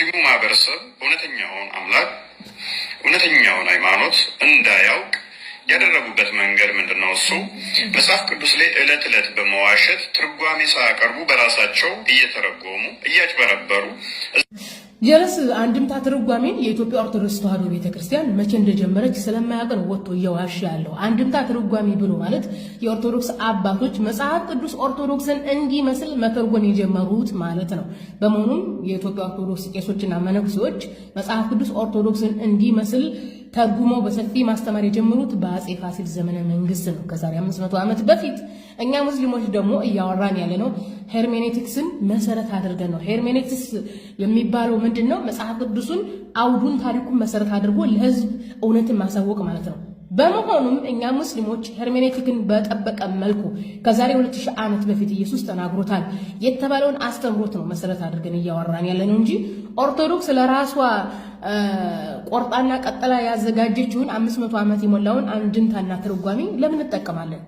ሙስሊሙ ማህበረሰብ እውነተኛውን አምላክ እውነተኛውን ሃይማኖት እንዳያውቅ ያደረጉበት መንገድ ምንድን ነው? እሱ መጽሐፍ ቅዱስ ላይ እለት እለት በመዋሸት ትርጓሜ ሳያቀርቡ በራሳቸው እየተረጎሙ እያጭበረበሩ ጀለስ አንድምታ ትርጓሜን የኢትዮጵያ ኦርቶዶክስ ተዋሕዶ ቤተክርስቲያን መቼ እንደጀመረች ስለማያውቅን ወጥቶ እየዋሸ ያለው አንድምታ ትርጓሜ ብሎ ማለት የኦርቶዶክስ አባቶች መጽሐፍ ቅዱስ ኦርቶዶክስን እንዲመስል መተርጎን የጀመሩት ማለት ነው። በመሆኑም የኢትዮጵያ ኦርቶዶክስ ቄሶችና መነኩሴዎች መጽሐፍ ቅዱስ ኦርቶዶክስን እንዲመስል ተርጉመው በሰፊ ማስተማር የጀመሩት በአጼ ፋሲል ዘመነ መንግስት ነው፣ ከዛሬ 500 ዓመት በፊት። እኛ ሙስሊሞች ደግሞ እያወራን ያለ ነው ሄርሜኔቲክስን መሰረት አድርገን ነው። ሄርሜኔቲክስ የሚባለው ምንድን ነው? መጽሐፍ ቅዱሱን አውዱን፣ ታሪኩን መሰረት አድርጎ ለህዝብ እውነትን ማሳወቅ ማለት ነው። በመሆኑም እኛ ሙስሊሞች ሄርሜኔቲክን በጠበቀ መልኩ ከዛሬ 2000 ዓመት በፊት ኢየሱስ ተናግሮታል የተባለውን አስተምሮት ነው መሰረት አድርገን እያወራን ያለ ነው እንጂ ኦርቶዶክስ ለራሷ ቆርጣና ቀጥላ ያዘጋጀችውን 500 ዓመት የሞላውን አንድምታና ትርጓሜ ለምን እንጠቀማለን?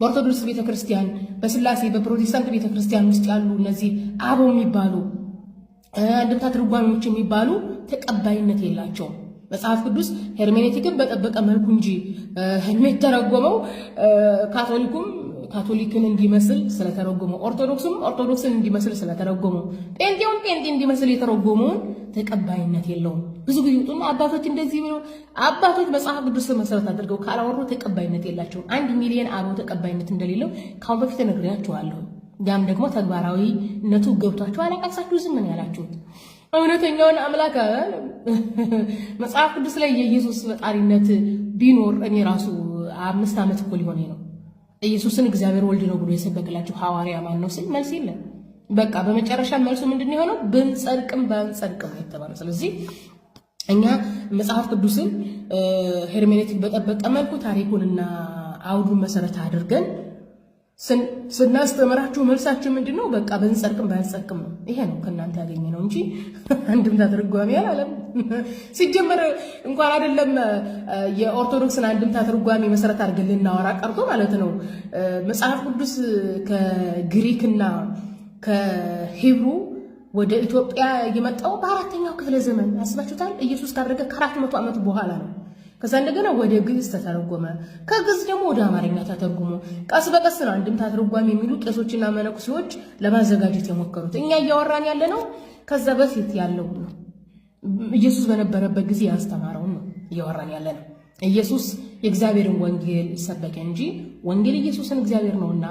በኦርቶዶክስ ቤተክርስቲያን፣ በስላሴ በፕሮቴስታንት ቤተክርስቲያን ውስጥ ያሉ እነዚህ አበው የሚባሉ አንድምታ ትርጓሜዎች የሚባሉ ተቀባይነት የላቸውም። መጽሐፍ ቅዱስ ሄርሜኔቲክን በጠበቀ መልኩ እንጂ የሚተረጎመው ካቶሊኩም ካቶሊክን እንዲመስል ስለተረጎመው፣ ኦርቶዶክስም ኦርቶዶክስን እንዲመስል ስለተረጎመው፣ ጴንጤውን ጴንጤ እንዲመስል የተረጎመውን ተቀባይነት የለውም። ብዙ ጊዜ ውጡና አባቶች እንደዚህ ብለው አባቶች መጽሐፍ ቅዱስ መሰረት አድርገው ካላወሩ ተቀባይነት የላቸውም። አንድ ሚሊዮን አበው ተቀባይነት እንደሌለው ካሁን በፊት ነግሬያችኋለሁ። ያም ደግሞ ተግባራዊነቱ ገብቷቸው አላቃቅሳችሁ ዝም ነው ያላችሁት። እውነተኛውን አምላክ መጽሐፍ ቅዱስ ላይ የኢየሱስ ፈጣሪነት ቢኖር እኔ ራሱ አምስት ዓመት እኮ ሊሆነ ነው ኢየሱስን እግዚአብሔር ወልድ ነው ብሎ የሰበክላችሁ ሐዋርያ ማን ነው ስል መልስ የለም። በቃ በመጨረሻ መልሱ ምንድን የሆነው ብንጸድቅም ባንጸድቅም አይተባለ። ስለዚህ እኛ መጽሐፍ ቅዱስን ሄርሜኔቲክ በጠበቀ መልኩ ታሪኩንና አውዱን መሰረት አድርገን ስናስተምራችሁ መልሳችን ምንድን ነው? በቃ በንጸርቅም ባያንጸርቅም ነው። ይሄ ነው ከእናንተ ያገኘ ነው እንጂ አንድም ተተርጓሚ አላለም። ሲጀመር እንኳን አይደለም የኦርቶዶክስን አንድምታ ተርጓሚ መሰረት አድርገን ልናወራ ቀርቶ ማለት ነው። መጽሐፍ ቅዱስ ከግሪክና ከሂብሩ ወደ ኢትዮጵያ የመጣው በአራተኛው ክፍለ ዘመን አስባችሁታል። ኢየሱስ ካደረገ ከአራት መቶ ዓመት በኋላ ነው። ከዛ እንደገና ወደ ግዕዝ ተተረጎመ። ከግዕዝ ደግሞ ወደ አማርኛ ተተርጉሞ ቀስ በቀስ ነው አንድምታ ትርጓሜ የሚሉ ቄሶችና መነኩሴዎች ለማዘጋጀት የሞከሩት። እኛ እያወራን ያለ ነው ከዛ በፊት ያለው ነው። ኢየሱስ በነበረበት ጊዜ ያስተማረውን ነው እያወራን ያለ ነው። ኢየሱስ የእግዚአብሔርን ወንጌል ይሰበከ እንጂ ወንጌል ኢየሱስን እግዚአብሔር ነውና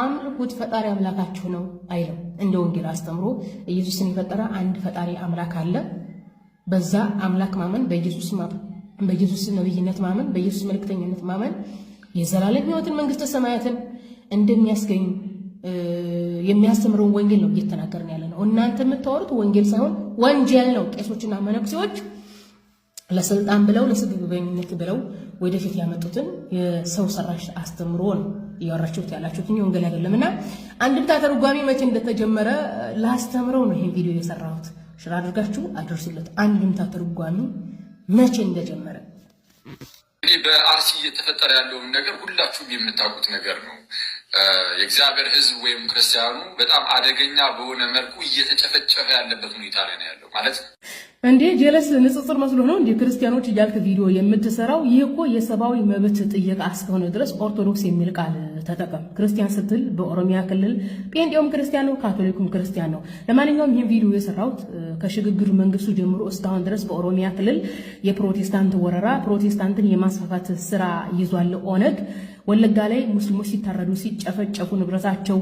አምልኩት ፈጣሪ አምላካችሁ ነው አይለም። እንደ ወንጌል አስተምሮ ኢየሱስን የፈጠረ አንድ ፈጣሪ አምላክ አለ። በዛ አምላክ ማመን በኢየሱስ በኢየሱስ ነብይነት ማመን፣ በኢየሱስ መልክተኛነት ማመን የዘላለም ህይወትን መንግስተ ሰማያትን እንደሚያስገኝ የሚያስተምረውን ወንጌል ነው እየተናገርን ያለ ነው። እናንተ የምታወሩት ወንጌል ሳይሆን ወንጀል ነው። ቄሶችና መነኩሴዎች ለስልጣን ብለው ለስግብግብነት ብለው ወደፊት ያመጡትን የሰው ሰራሽ አስተምሮ ነው እያወራችሁት ያላችሁት እንጂ ወንጌል አይደለም። እና አንድምታ ተርጓሚ መቼ እንደተጀመረ ላስተምረው ነው ይህን ቪዲዮ የሰራሁት። ሽራ አድርጋችሁ አድርሱለት። አንድምታ ተርጓሚ መቼ እንደጀመረ እንግዲህ በአርሲ እየተፈጠረ ያለውን ነገር ሁላችሁም የምታውቁት ነገር ነው። የእግዚአብሔር ሕዝብ ወይም ክርስቲያኑ በጣም አደገኛ በሆነ መልኩ እየተጨፈጨፈ ያለበት ሁኔታ ላይ ነው ያለው። ማለት እንዴ ጀለስ ንጽጽር መስሎ ነው እንዴ ክርስቲያኖች እያልክ ቪዲዮ የምትሰራው? ይህ እኮ የሰብአዊ መብት ጥየቃ እስከሆነ ድረስ ኦርቶዶክስ የሚል ቃል ተጠቀም። ክርስቲያን ስትል በኦሮሚያ ክልል ጴንጤውም ክርስቲያን ነው፣ ካቶሊኩም ክርስቲያን ነው። ለማንኛውም ይህን ቪዲዮ የሰራሁት ከሽግግር መንግስቱ ጀምሮ እስካሁን ድረስ በኦሮሚያ ክልል የፕሮቴስታንት ወረራ ፕሮቴስታንትን የማስፋፋት ስራ ይዟል ኦነግ ወለጋ ላይ ሙስሊሞች ሲታረዱ፣ ሲጨፈጨፉ፣ ንብረታቸው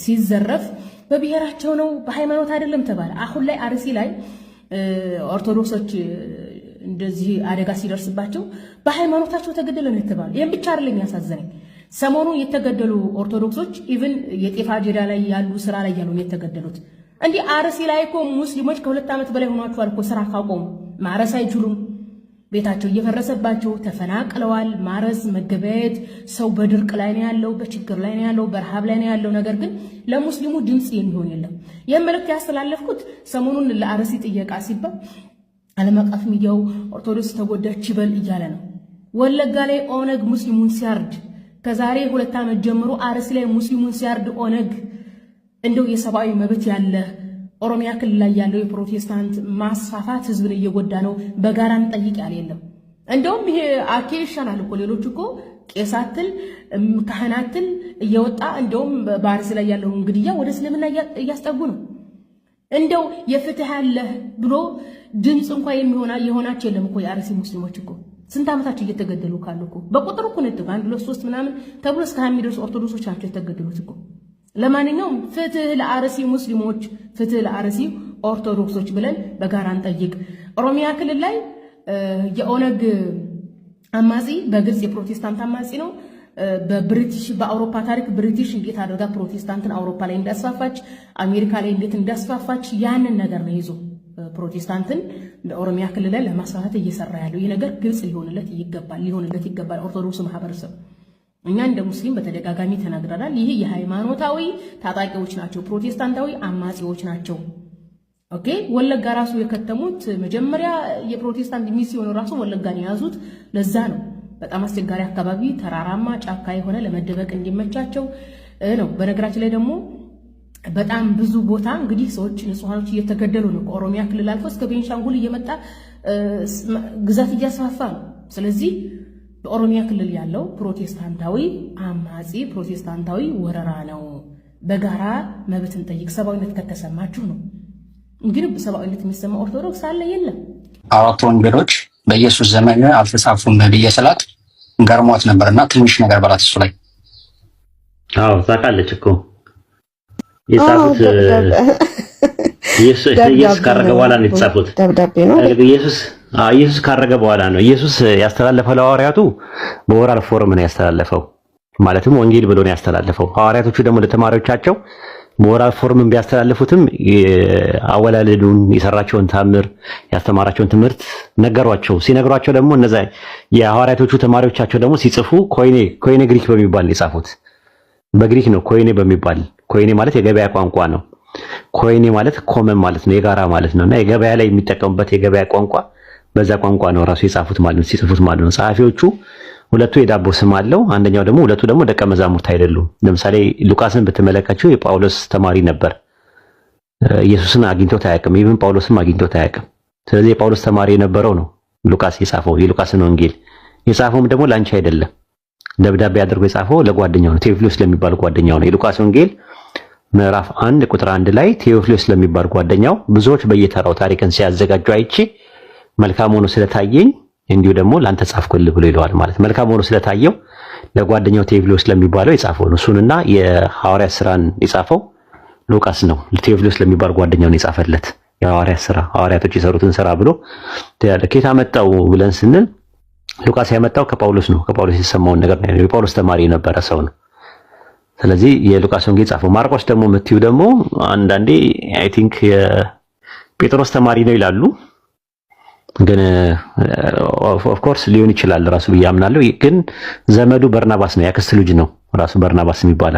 ሲዘረፍ በብሔራቸው ነው በሃይማኖት አይደለም ተባለ። አሁን ላይ አርሲ ላይ ኦርቶዶክሶች እንደዚህ አደጋ ሲደርስባቸው በሃይማኖታቸው ተገደለ ነው የተባለ። ይህም ብቻ አይደለም ያሳዘነኝ ሰሞኑ የተገደሉ ኦርቶዶክሶች ኢቭን የጤፍ አጀዳ ላይ ያሉ ስራ ላይ ያሉ የተገደሉት እንዲህ አርሲ ላይ እኮ ሙስሊሞች ከሁለት ዓመት በላይ ሆኗቸዋል እኮ ስራ ካቆሙ ማረስ አይችሉም። ቤታቸው እየፈረሰባቸው ተፈናቅለዋል። ማረስ፣ መገበያየት፣ ሰው በድርቅ ላይ ነው ያለው፣ በችግር ላይ ነው ያለው፣ በረሃብ ላይ ነው ያለው። ነገር ግን ለሙስሊሙ ድምፅ የሚሆን የለም። ይህን መልእክት ያስተላለፍኩት ሰሞኑን ለአርሲ ጥየቃ ሲባል ዓለም አቀፍ ሚዲያው ኦርቶዶክስ ተጎዳች ይበል እያለ ነው። ወለጋ ላይ ኦነግ ሙስሊሙን ሲያርድ ከዛሬ ሁለት ዓመት ጀምሮ አርሲ ላይ ሙስሊሙን ሲያርድ ኦነግ እንደው የሰብአዊ መብት ያለ ኦሮሚያ ክልል ላይ ያለው የፕሮቴስታንት ማስፋፋት ህዝብን እየጎዳ ነው፣ በጋራ እንጠይቅ ያለ የለም። እንደውም ይሄ አኬ ይሻላል እኮ ሌሎች እኮ ቄሳትን ካህናትን እየወጣ እንደውም በአርሲ ላይ ያለውን ግድያ ወደ እስልምና እያስጠጉ ነው። እንደው የፍትህ ያለህ ብሎ ድምፅ እንኳ የሚሆና የሆናቸው የለም እኮ የአርሲ ሙስሊሞች እኮ ስንት ዓመታቸው እየተገደሉ ካሉ እኮ በቁጥር እኮ ነጥብ አንድ ሁለት ሶስት ምናምን ተብሎ እስከ ሀያ የሚደርሱ ኦርቶዶክሶች ናቸው የተገደሉት እኮ ለማንኛውም ፍትህ ለአርሲ ሙስሊሞች፣ ፍትህ ለአርሲ ኦርቶዶክሶች ብለን በጋራ እንጠይቅ። ኦሮሚያ ክልል ላይ የኦነግ አማጺ በግልጽ የፕሮቴስታንት አማጺ ነው። በብሪቲሽ በአውሮፓ ታሪክ ብሪቲሽ እንዴት አድርጋ ፕሮቴስታንትን አውሮፓ ላይ እንዳስፋፋች አሜሪካ ላይ እንዴት እንዳስፋፋች ያንን ነገር ነው ይዞ ፕሮቴስታንትን በኦሮሚያ ክልል ላይ ለማስፋፋት እየሰራ ያለው። ይህ ነገር ግልጽ ሊሆንለት ይገባል ሊሆንለት ይገባል ኦርቶዶክስ ማህበረሰብ እኛ እንደ ሙስሊም በተደጋጋሚ ተናግረናል። ይህ የሃይማኖታዊ ታጣቂዎች ናቸው፣ ፕሮቴስታንታዊ አማጺዎች ናቸው። ኦኬ ወለጋ ራሱ የከተሙት መጀመሪያ የፕሮቴስታንት ሚስ ሲሆኑ ራሱ ወለጋን የያዙት ለዛ ነው። በጣም አስቸጋሪ አካባቢ፣ ተራራማ ጫካ የሆነ ለመደበቅ እንዲመቻቸው ነው። በነገራችን ላይ ደግሞ በጣም ብዙ ቦታ እንግዲህ ሰዎች ንጹሐኖች እየተገደሉ ነው። ከኦሮሚያ ክልል አልፎ እስከ ቤንሻንጉል እየመጣ ግዛት እያስፋፋ ነው። ስለዚህ በኦሮሚያ ክልል ያለው ፕሮቴስታንታዊ አማጺ ፕሮቴስታንታዊ ወረራ ነው። በጋራ መብት እንጠይቅ፣ ሰብአዊነት ከተሰማችሁ ነው። እንግዲህ በሰብአዊነት የሚሰማ ኦርቶዶክስ አለ የለም? አራቱ ወንጌሎች በኢየሱስ ዘመን አልተጻፉም ብዬ ስላት ገርሟት ነበርና ትንሽ ነገር በላት እሱ ላይ። አዎ ታውቃለች እኮ የጻፉት ኢየሱስ ካረገ በኋላ ነው የተጻፉት። ኢየሱስ ኢየሱስ ካረገ በኋላ ነው። ኢየሱስ ያስተላለፈው ለሐዋርያቱ በኦራል ፎርም ነው ያስተላለፈው፣ ማለትም ወንጌል ብሎ ነው ያስተላለፈው። ሐዋርያቶቹ ደግሞ ለተማሪዎቻቸው በኦራል ፎርም ቢያስተላልፉትም አወላለዱን፣ የሰራቸውን ታምር፣ ያስተማራቸውን ትምህርት ነገሯቸው። ሲነግሯቸው ደግሞ እነዛ የሐዋርያቶቹ ተማሪዎቻቸው ደግሞ ሲጽፉ ኮይኔ ኮይኔ ግሪክ በሚባል የጻፉት በግሪክ ነው። ኮይኔ በሚባል ኮይኔ ማለት የገበያ ቋንቋ ነው። ኮይኔ ማለት ኮመን ማለት ነው፣ የጋራ ማለት ነው እና የገበያ ላይ የሚጠቀሙበት የገበያ ቋንቋ በዛ ቋንቋ ነው ራሱ የጻፉት ማለት ነው ሲጽፉት ማለት ነው። ጸሐፊዎቹ ሁለቱ የዳቦ ስም አለው፣ አንደኛው ደግሞ ሁለቱ ደግሞ ደቀ መዛሙርት አይደሉም። ለምሳሌ ሉቃስን ብትመለካቸው የጳውሎስ ተማሪ ነበር። ኢየሱስን አግኝቶት አያውቅም። ይህም ጳውሎስም አግኝቶት አያውቅም። ስለዚህ የጳውሎስ ተማሪ የነበረው ነው ሉቃስ የጻፈው የሉቃስን ወንጌል የጻፈውም ደግሞ ላንቺ አይደለም። ደብዳቤ አድርጎ የጻፈው ለጓደኛው ነው፣ ቴዎፍሎስ ለሚባል ጓደኛው ነው። የሉቃስ ወንጌል ምዕራፍ አንድ ቁጥር አንድ ላይ ቴዎፍሎስ ለሚባል ጓደኛው ብዙዎች በየተራው ታሪክን ሲያዘጋጁ አይቼ መልካም ሆኖ ስለታየኝ እንዲሁ ደግሞ ላንተ ጻፍኩልህ ብሎ ይለዋል ማለት መልካም ሆኖ ስለታየው ለጓደኛው ቴዎፍሎስ ለሚባለው የጻፈው ነው። እሱንና የሐዋርያ ስራን የጻፈው ሉቃስ ነው። ቴዎፍሎስ ለሚባል ነው የጻፈለት የሐዋርያ ስራ ሐዋርያቶች የሰሩትን ስራ ብሎ ከየት አመጣው ብለን ስንል ሉቃስ ያመጣው ከጳውሎስ ነው። ከጳውሎስ የተሰማውን ነገር ነው። የጳውሎስ ተማሪ የነበረ ሰው ነው። ስለዚህ የሉቃስ ወንጌል ጻፈው። ማርቆስ ደግሞ የምትይው ደግሞ አንዳንዴ አይ ቲንክ የጴጥሮስ ተማሪ ነው ይላሉ። ግን ኦፍኮርስ uh, ሊሆን ይችላል ራሱ ብዬ አምናለሁ። ግን ዘመዱ በርናባስ ነው፣ ያክስት ልጅ ነው። ራሱ በርናባስ የሚባል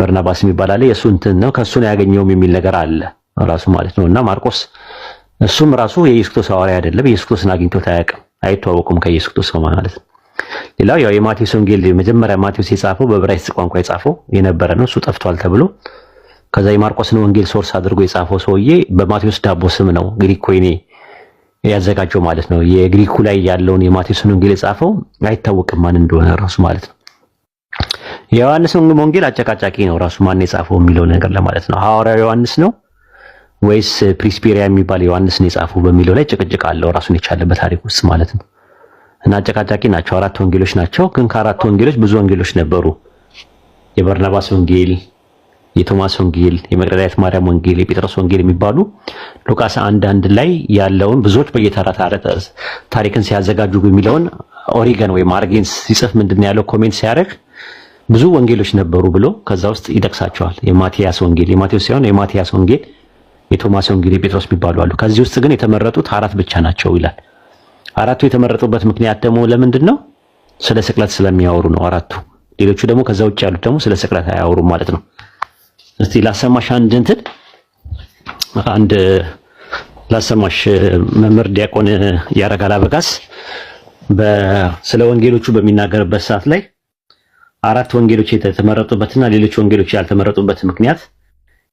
በርናባስ የሚባል አለ። የእሱ እንትን ነው ከእሱ ነው ያገኘውም የሚል ነገር አለ ራሱ ማለት ነው። እና ማርቆስ እሱም ራሱ የኢየሱስ ክርስቶስ ሐዋርያ አይደለም፣ ኢየሱስ ክርስቶስን አግኝቶት አያውቅም፣ አይተዋወቁም ከኢየሱስ ክርስቶስ ማለት ነው። ሌላው ያው የማቴዎስ ወንጌል መጀመሪያ ማቴዎስ የጻፈው በዕብራይስጥ ቋንቋ የጻፈው የነበረ ነው፣ እሱ ጠፍቷል ተብሎ ከዛ የማርቆስን ወንጌል ሶርስ አድርጎ የጻፈው ሰውዬ በማቴዎስ ዳቦ ስም ነው ግሪክ ኮይኔ ያዘጋጀው ማለት ነው። የግሪኩ ላይ ያለውን የማቴዎስን ወንጌል የጻፈው አይታወቅም ማን እንደሆነ ራሱ ማለት ነው። የዮሐንስ ወንጌል አጨቃጫቂ ነው። ራሱ ማን የጻፈው የሚለው ነገር ለማለት ነው። ሐዋርያው ዮሐንስ ነው ወይስ ፕሪስፔሪያ የሚባል ዮሐንስ ነው የጻፈው በሚለው ላይ ጭቅጭቅ አለው ራሱን የቻለ በታሪክ ውስጥ ማለት ነው። እና አጨቃጫቂ ናቸው። አራት ወንጌሎች ናቸው። ግን ከአራት ወንጌሎች ብዙ ወንጌሎች ነበሩ። የበርናባስ ወንጌል የቶማስ ወንጌል፣ የመቅደላዊት ማርያም ወንጌል፣ የጴጥሮስ ወንጌል የሚባሉ ሉቃስ አንዳንድ ላይ ያለውን ብዙዎች በየተራ ታሪክን ሲያዘጋጁ የሚለውን ኦሪገን ወይም አርጌን ሲጽፍ ምንድን ያለው ኮሜንት ሲያደርግ ብዙ ወንጌሎች ነበሩ ብሎ ከዛ ውስጥ ይጠቅሳቸዋል። የማቲያስ ወንጌል የማቴዎስ ሳይሆን የማቲያስ ወንጌል፣ የቶማስ ወንጌል፣ የጴጥሮስ የሚባሉ አሉ። ከዚህ ውስጥ ግን የተመረጡት አራት ብቻ ናቸው ይላል። አራቱ የተመረጡበት ምክንያት ደግሞ ለምንድን ነው? ስለ ስቅለት ስለሚያወሩ ነው አራቱ። ሌሎቹ ደግሞ ከዛ ውጭ ያሉት ደግሞ ስለ ስቅለት አያወሩም ማለት ነው። እስቲ ላሰማሽ አንድ እንትን አንድ ላሰማሽ መምህር ዲያቆን ያረጋል አበጋዝ ስለ ወንጌሎቹ በሚናገርበት ሰዓት ላይ አራት ወንጌሎች የተመረጡበትና ሌሎች ወንጌሎች ያልተመረጡበት ምክንያት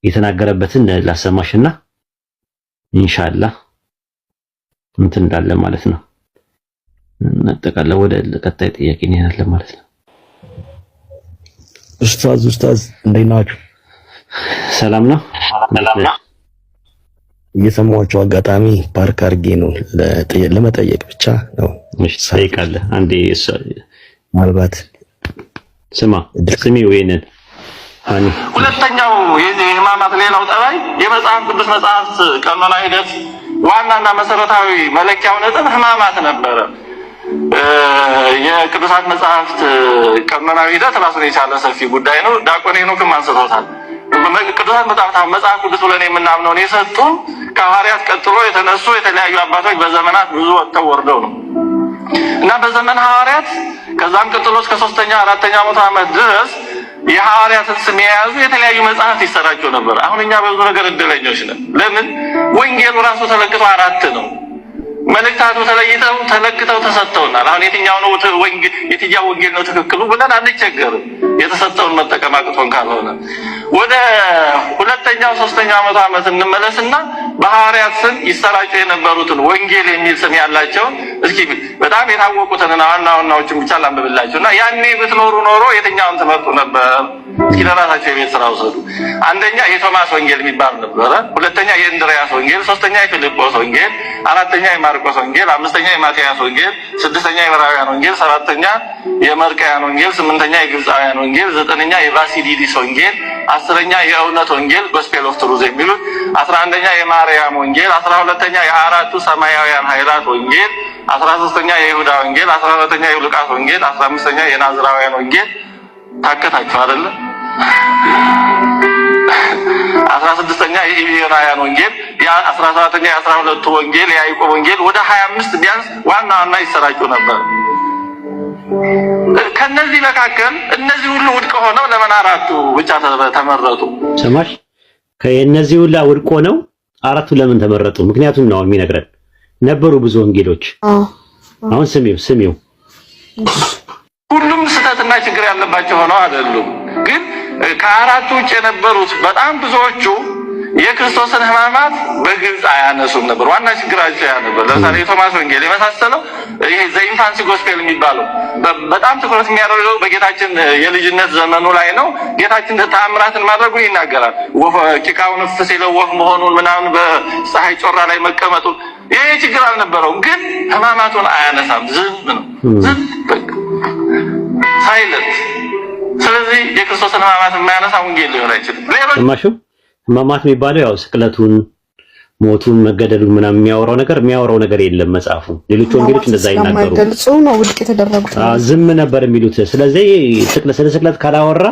የተናገረበትን ላሰማሽና ኢንሻአላ እንትን እንዳለ ማለት ነው። እናጠቃለ ወደ ቀጣይ ጥያቄ እንሄዳለን ማለት ነው። ኡስታዝ ኡስታዝ እንደናችሁ ሰላም ነው። እየሰማኋቸው አጋጣሚ ፓርክ አድርጌ ነው ለመጠየቅ ብቻ ነው። እሺ ትጠይቃለህ። አንዴ ምናልባት ስማ ስሚ ወይንን ሁለተኛው የህማማት ሌላው ጠባይ የመጽሐፍ ቅዱስ መጽሐፍ ቀኖና ሂደት ዋናና መሰረታዊ መለኪያው ነጥብ ህማማት ነበረ። የቅዱሳት መጽሐፍት ቀኖናዊ ሂደት ራሱን የቻለ ሰፊ ጉዳይ ነው። ዲያቆን ሄኖክም አንስቶታል። ቅዱሳት መጽሐፍት መጽሐፍ ቅዱስ ብለን የምናምነውን የሰጡ ከሐዋርያት ቀጥሎ የተነሱ የተለያዩ አባቶች በዘመናት ብዙ ወጥተው ወርደው ነው እና በዘመን ሐዋርያት ከዛም ቀጥሎ እስከ ሶስተኛ አራተኛ መቶ ዓመት ድረስ የሐዋርያትን ስም የያዙ የተለያዩ መጽሐፍት ይሰራቸው ነበር። አሁን እኛ በብዙ ነገር እድለኞች ነን። ለምን ወንጌሉ ራሱ ተለቅቶ አራት ነው። መልእክታቱ ተለይተው ተለክተው ተሰጥተውናል። አሁን የትኛው ነው የትኛው ወንጌል ነው ትክክሉ ብለን አንቸገርም። የተሰጠውን መጠቀም አቅቶን ካልሆነ ወደ ሁለተኛው ሶስተኛው መቶ ዓመት እንመለስና በሐዋርያት ስም ይሰራጩ የነበሩትን ወንጌል የሚል ስም ያላቸውን እስኪ በጣም የታወቁትን ዋና ዋናዎችን ብቻ ላንብብላችሁ እና ያኔ ብትኖሩ ኖሮ የትኛውን ትመርጡ ነበር? እስኪ ለራሳቸው የቤት ስራ ውሰዱ። አንደኛ የቶማስ ወንጌል የሚባል ነበረ። ሁለተኛ የእንድሪያስ ወንጌል፣ ሶስተኛ የፊልጶስ ወንጌል አራተኛ የማርቆስ ወንጌል፣ አምስተኛ የማቴያስ ወንጌል፣ ስድስተኛ የዕብራውያን ወንጌል፣ ሰባተኛ የመርቃያን ወንጌል፣ ስምንተኛ የግብፃውያን ወንጌል፣ ዘጠነኛ የባሲዲዲስ ወንጌል፣ አስረኛ የእውነት ወንጌል ጎስፔል ኦፍ ትሩዝ የሚሉት፣ አስራ አንደኛ የማርያም ወንጌል፣ አስራ ሁለተኛ የአራቱ ሰማያውያን ኃይላት ወንጌል፣ አስራ ሶስተኛ የይሁዳ ወንጌል፣ አስራ አራተኛ የሉቃስ ወንጌል፣ አስራ አምስተኛ የናዝራውያን ወንጌል ታከታችሁ አይደለ? አስራ ስድስተኛ የራያን ወንጌል አስራ ሰባተኛ የአስራ ሁለቱ ወንጌል የያዕቆብ ወንጌል ወደ ሀያ አምስት ቢያንስ ዋና ዋና ይሰራጩ ነበር። ከነዚህ መካከል እነዚህ ሁሉ ውድቅ ሆነው ለምን አራቱ ብቻ ተመረጡ? ሰማሽ? ከእነዚህ ሁላ ውድቆ ነው አራቱ ለምን ተመረጡ? ምክንያቱም ነው የሚነግረን ነበሩ ብዙ ወንጌሎች። አሁን ስሚው ስሚው፣ ሁሉም ስህተትና ችግር ያለባቸው ሆነው አይደሉም ግን ከአራቱ ውጭ የነበሩት በጣም ብዙዎቹ የክርስቶስን ሕማማት በግልጽ አያነሱም ነበር። ዋና ችግራቸው ያ ነበር። ለምሳሌ የቶማስ ወንጌል የመሳሰለው ይሄ ዘኢንፋንሲ ጎስፔል የሚባለው በጣም ትኩረት የሚያደርገው በጌታችን የልጅነት ዘመኑ ላይ ነው። ጌታችን ተአምራትን ማድረጉን ይናገራል። ጭቃውን እፍ ሲለው ወፍ መሆኑን ምናምን፣ በፀሐይ ጮራ ላይ መቀመጡን ይሄ ችግር አልነበረውም። ግን ሕማማቱን አያነሳም። ዝም ነው፣ ዝም ሳይለንት ስለዚህ የክርስቶስን ሕማማት የማያነሳ ወንጌል ሊሆን አይችልም። ሌሎችማሽው ሕማማት የሚባለው ያው ስቅለቱን፣ ሞቱን፣ መገደሉን ምናምን የሚያወራው ነገር የሚያወራው ነገር የለም መጽሐፉ። ሌሎች ወንጌሎች እንደዛ ይናገሩ ነው የተደረጉት ዝም ነበር የሚሉት። ስለዚህ ስለ ስቅለት ካላወራ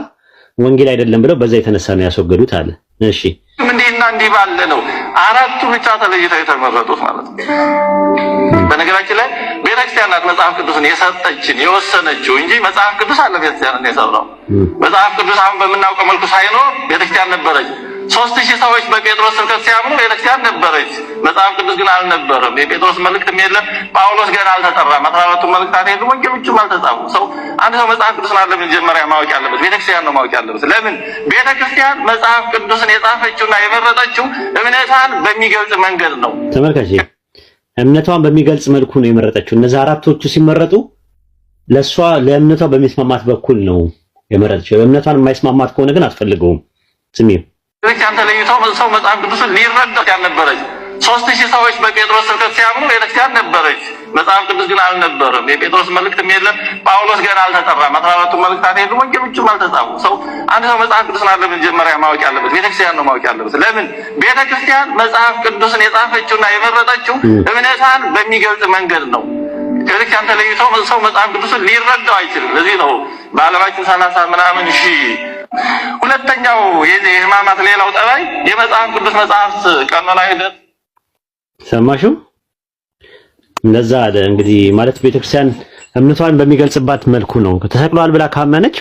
ወንጌል አይደለም ብለው በዛ የተነሳ ነው ያስወገዱት አለ። እሺ እንዲህና እንዲህ ባለ ነው አራቱ ብቻ ተለይተው የተመረጡት ማለት ነው። በነገራችን ላይ ቤተክርስቲያን ናት መጽሐፍ ቅዱስን የሰጠችን የወሰነችው እንጂ መጽሐፍ ቅዱስ አለ ቤተክርስቲያን የሰራው መጽሐፍ ቅዱስ አሁን በምናውቀው መልኩ ሳይኖር ቤተክርስቲያን ነበረች። ሶስት ሺህ ሰዎች በጴጥሮስ ስብከት ሲያምኑ ቤተክርስቲያን ነበረች። መጽሐፍ ቅዱስ ግን አልነበረም። የጴጥሮስ መልእክትም የለም። ጳውሎስ ገና አልተጠራም። አስራ አራቱ መልእክታት የሉ። ወንጌሎቹም አልተጻፉ። ሰው አንድ ሰው መጽሐፍ ቅዱስን አለ መጀመሪያ ማወቅ ያለበት ቤተክርስቲያን ነው ማወቅ ያለበት። ለምን ቤተክርስቲያን መጽሐፍ ቅዱስን የጻፈችውና የመረጠችው እምነቷን በሚገልጽ መንገድ ነው። ተመልካች እምነቷን በሚገልጽ መልኩ ነው የመረጠችው። እነዚህ አራቶቹ ሲመረጡ ለእሷ ለእምነቷ በሚስማማት በኩል ነው የመረጠችው። እምነቷን የማይስማማት ከሆነ ግን አስፈልገውም ስሜ ክርስቲያን ሰው መጽሐፍ ቅዱስን ሊረዳት ያልነበረች ሶስት ሺህ ሰዎች በጴጥሮስ ስብከት ሲያምኑ ቤተክርስቲያን ነበረች። መጽሐፍ ቅዱስ ግን አልነበረም። የጴጥሮስ መልእክትም የለም። ጳውሎስ ገና አልተጠራም። አስራ አራቱ መልእክታት የሉም። ወንጌሎችም አልተጻፉ። ሰው አንድ ሰው መጽሐፍ ቅዱስን አለ መጀመሪያ ማወቅ ያለበት ቤተክርስቲያን ነው ማወቅ ያለበት። ለምን ቤተክርስቲያን መጽሐፍ ቅዱስን የጻፈችውና የመረጠችው እምነታን በሚገልጽ መንገድ ነው። ከቤተክርስቲያን ተለይቶ ሰው መጽሐፍ ቅዱስን ሊረዳው አይችልም። ለዚህ ነው በዓለማችን ሰላሳ ምናምን ሺህ ሁለተኛው የህማማት ሌላው ጠባይ የመጽሐፍ ቅዱስ መጽሐፍት ቀኖና ሂደት ሰማሽው? እንደዛ አለ እንግዲህ ማለት ቤተክርስቲያን እምነቷን በሚገልጽባት መልኩ ነው። ተሰቅሏል ብላ ካመነች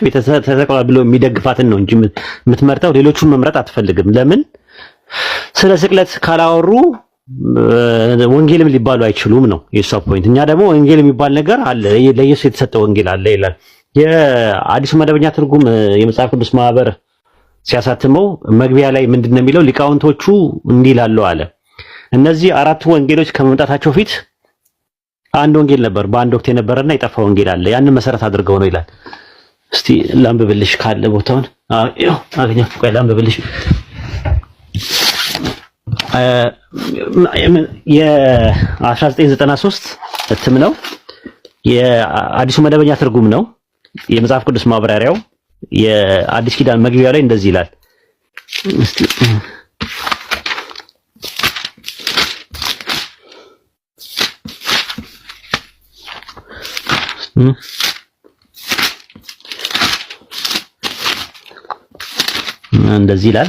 ተሰቅሏል ብሎ የሚደግፋትን ነው እንጂ የምትመርጠው ሌሎቹን መምረጥ አትፈልግም። ለምን? ስለ ስቅለት ካላወሩ ወንጌልም ሊባሉ አይችሉም ነው የእሷ ፖይንት። እኛ ደግሞ ወንጌል የሚባል ነገር አለ፣ ለኢየሱስ የተሰጠ ወንጌል አለ ይላል። የአዲሱ መደበኛ ትርጉም የመጽሐፍ ቅዱስ ማህበር ሲያሳትመው መግቢያ ላይ ምንድን ነው የሚለው? ሊቃውንቶቹ እንዲህ ይላሉ አለ እነዚህ አራቱ ወንጌሎች ከመምጣታቸው ፊት አንድ ወንጌል ነበር፣ በአንድ ወቅት የነበረና የጠፋ ወንጌል አለ። ያንን መሰረት አድርገው ነው ይላል። እስቲ ላንብብልሽ ካለ ቦታውን አገኘሁ። ቆይ ላንብብልሽ። የ1993 እትም ነው፣ የአዲሱ መደበኛ ትርጉም ነው። የመጽሐፍ ቅዱስ ማብራሪያው የአዲስ ኪዳን መግቢያው ላይ እንደዚህ ይላል። Hmm. እንደዚህ ይላል።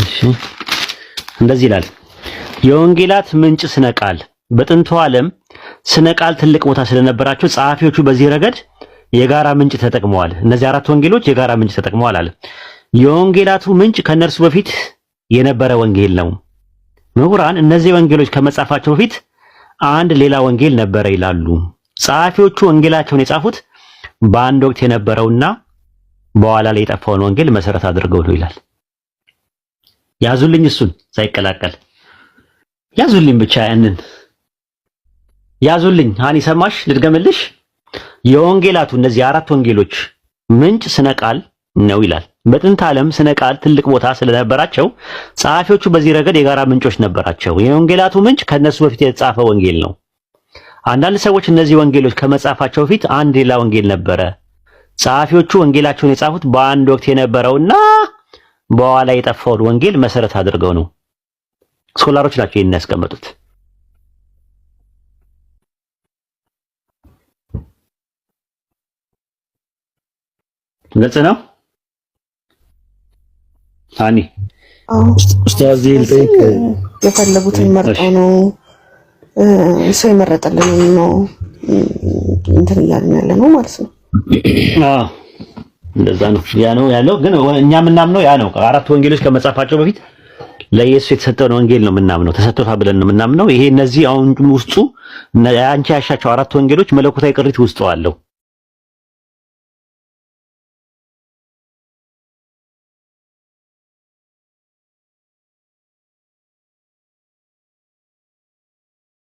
እሺ እንደዚህ ይላል። የወንጌላት ምንጭ ስነ ቃል በጥንቱ ዓለም ስነ ቃል ትልቅ ቦታ ስለነበራቸው ጸሐፊዎቹ በዚህ ረገድ የጋራ ምንጭ ተጠቅመዋል። እነዚህ አራት ወንጌሎች የጋራ ምንጭ ተጠቅመዋል አለ። የወንጌላቱ ምንጭ ከእነርሱ በፊት የነበረ ወንጌል ነው። ምሁራን እነዚህ ወንጌሎች ከመጻፋቸው በፊት አንድ ሌላ ወንጌል ነበረ ይላሉ። ጸሐፊዎቹ ወንጌላቸውን የጻፉት በአንድ ወቅት የነበረውና በኋላ ላይ የጠፋውን ወንጌል መሰረት አድርገው ነው ይላል። ያዙልኝ፣ እሱን ሳይቀላቀል ያዙልኝ፣ ብቻ ያንን ያዙልኝ። አን ሰማሽ፣ ልድገምልሽ። የወንጌላቱ እነዚህ አራት ወንጌሎች ምንጭ ስነ ቃል ነው ይላል። በጥንት ዓለም ስነ ቃል ትልቅ ቦታ ስለነበራቸው ጸሐፊዎቹ በዚህ ረገድ የጋራ ምንጮች ነበራቸው። የወንጌላቱ ምንጭ ከነሱ በፊት የተጻፈ ወንጌል ነው። አንዳንድ ሰዎች እነዚህ ወንጌሎች ከመጻፋቸው በፊት አንድ ሌላ ወንጌል ነበረ፣ ጸሐፊዎቹ ወንጌላቸውን የጻፉት በአንድ ወቅት የነበረውና በኋላ የጠፋውን ወንጌል መሰረት አድርገው ነው። ስኮላሮች ናቸው ይህን ያስቀመጡት። ግልጽ ነው። አኒ ኡስታዝ ይልጠይቅ የፈለጉትን መርጠው ነው ሰው የመረጠልን ነው እንትን እያልን ያለ ነው ማለት ነው። እንደዛ ነው። ያ ነው ያለው። ግን እኛ የምናምነው ያ ነው። አራት ወንጌሎች ከመጻፋቸው በፊት ለኢየሱስ የተሰጠውን ወንጌል ነው የምናምነው። ተሰጥቶታል ብለን ነው የምናምነው። ይሄ እነዚህ አሁን ውስጡ አንቺ ያሻቸው አራት ወንጌሎች መለኮታዊ ቅሪት ውስጡ አለው።